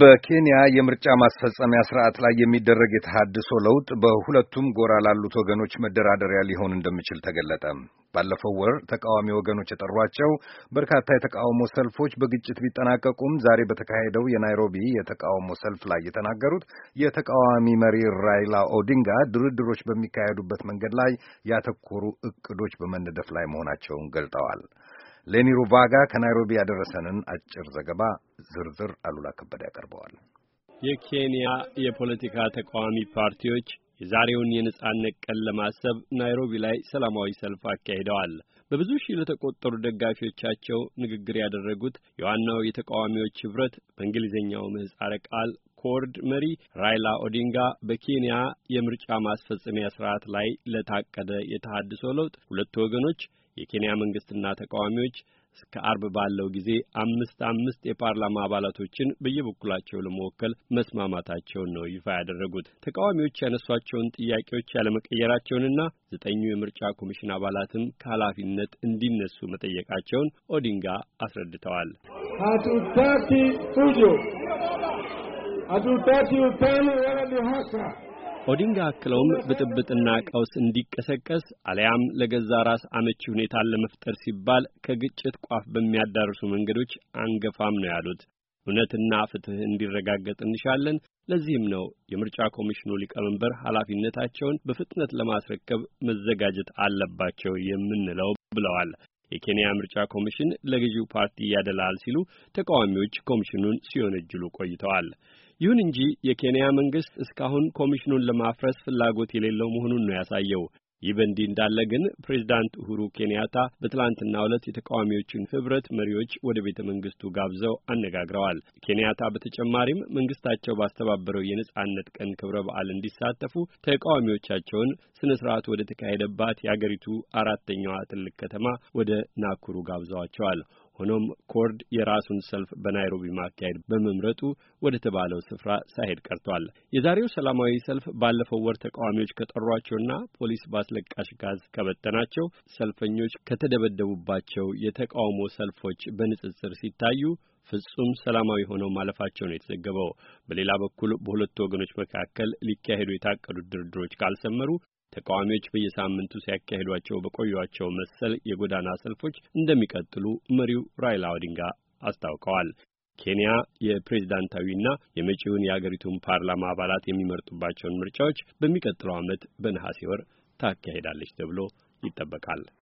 በኬንያ የምርጫ ማስፈጸሚያ ስርዓት ላይ የሚደረግ የተሃድሶ ለውጥ በሁለቱም ጎራ ላሉት ወገኖች መደራደሪያ ሊሆን እንደሚችል ተገለጠ። ባለፈው ወር ተቃዋሚ ወገኖች የጠሯቸው በርካታ የተቃውሞ ሰልፎች በግጭት ቢጠናቀቁም ዛሬ በተካሄደው የናይሮቢ የተቃውሞ ሰልፍ ላይ የተናገሩት የተቃዋሚ መሪ ራይላ ኦዲንጋ ድርድሮች በሚካሄዱበት መንገድ ላይ ያተኮሩ እቅዶች በመነደፍ ላይ መሆናቸውን ገልጠዋል። ሌኒ ሩቫጋ ከናይሮቢ ያደረሰንን አጭር ዘገባ ዝርዝር አሉላ ከበደ ያቀርበዋል። የኬንያ የፖለቲካ ተቃዋሚ ፓርቲዎች የዛሬውን የነጻነት ቀን ለማሰብ ናይሮቢ ላይ ሰላማዊ ሰልፍ አካሂደዋል። በብዙ ሺህ ለተቆጠሩ ደጋፊዎቻቸው ንግግር ያደረጉት የዋናው የተቃዋሚዎች ህብረት በእንግሊዝኛው ምህጻረ ቃል ኮርድ መሪ ራይላ ኦዲንጋ በኬንያ የምርጫ ማስፈጸሚያ ስርዓት ላይ ለታቀደ የተሃድሶ ለውጥ ሁለቱ ወገኖች የኬንያ መንግስትና ተቃዋሚዎች እስከ አርብ ባለው ጊዜ አምስት አምስት የፓርላማ አባላቶችን በየበኩላቸው ለመወከል መስማማታቸውን ነው ይፋ ያደረጉት። ተቃዋሚዎች ያነሷቸውን ጥያቄዎች ያለመቀየራቸውንና ዘጠኙ የምርጫ ኮሚሽን አባላትም ከኃላፊነት እንዲነሱ መጠየቃቸውን ኦዲንጋ አስረድተዋል። hatutaki fujo hatutaki ውታኑ wala ኦዲንጋ አክለውም ብጥብጥና ቀውስ እንዲቀሰቀስ አሊያም ለገዛ ራስ አመቺ ሁኔታን ለመፍጠር ሲባል ከግጭት ቋፍ በሚያዳርሱ መንገዶች አንገፋም ነው ያሉት። እውነትና ፍትህ እንዲረጋገጥ እንሻለን። ለዚህም ነው የምርጫ ኮሚሽኑ ሊቀመንበር ኃላፊነታቸውን በፍጥነት ለማስረከብ መዘጋጀት አለባቸው የምንለው ብለዋል። የኬንያ ምርጫ ኮሚሽን ለገዢው ፓርቲ ያደላል ሲሉ ተቃዋሚዎች ኮሚሽኑን ሲወነጅሉ ቆይተዋል። ይሁን እንጂ የኬንያ መንግስት እስካሁን ኮሚሽኑን ለማፍረስ ፍላጎት የሌለው መሆኑን ነው ያሳየው። ይህ በእንዲህ እንዳለ ግን ፕሬዚዳንት ኡሁሩ ኬንያታ በትላንትና ዕለት የተቃዋሚዎችን ህብረት መሪዎች ወደ ቤተ መንግስቱ ጋብዘው አነጋግረዋል። ኬንያታ በተጨማሪም መንግስታቸው ባስተባበረው የነጻነት ቀን ክብረ በዓል እንዲሳተፉ ተቃዋሚዎቻቸውን ስነ ስርዓቱ ወደ ተካሄደባት የአገሪቱ አራተኛዋ ትልቅ ከተማ ወደ ናኩሩ ጋብዘዋቸዋል። ሆኖም ኮርድ የራሱን ሰልፍ በናይሮቢ ማካሄድ በመምረጡ ወደ ተባለው ስፍራ ሳይሄድ ቀርቷል። የዛሬው ሰላማዊ ሰልፍ ባለፈው ወር ተቃዋሚዎች ከጠሯቸውና ፖሊስ በአስለቃሽ ጋዝ ከበተናቸው ሰልፈኞች ከተደበደቡባቸው የተቃውሞ ሰልፎች በንጽጽር ሲታዩ ፍጹም ሰላማዊ ሆነው ማለፋቸው ነው የተዘገበው። በሌላ በኩል በሁለቱ ወገኖች መካከል ሊካሄዱ የታቀዱት ድርድሮች ካልሰመሩ ተቃዋሚዎች በየሳምንቱ ሲያካሂዷቸው በቆዩቸው መሰል የጎዳና ሰልፎች እንደሚቀጥሉ መሪው ራይላ ኦዲንጋ አስታውቀዋል። ኬንያ የፕሬዝዳንታዊና የመጪውን የአገሪቱን ፓርላማ አባላት የሚመርጡባቸውን ምርጫዎች በሚቀጥለው ዓመት በነሐሴ ወር ታካሂዳለች ተብሎ ይጠበቃል።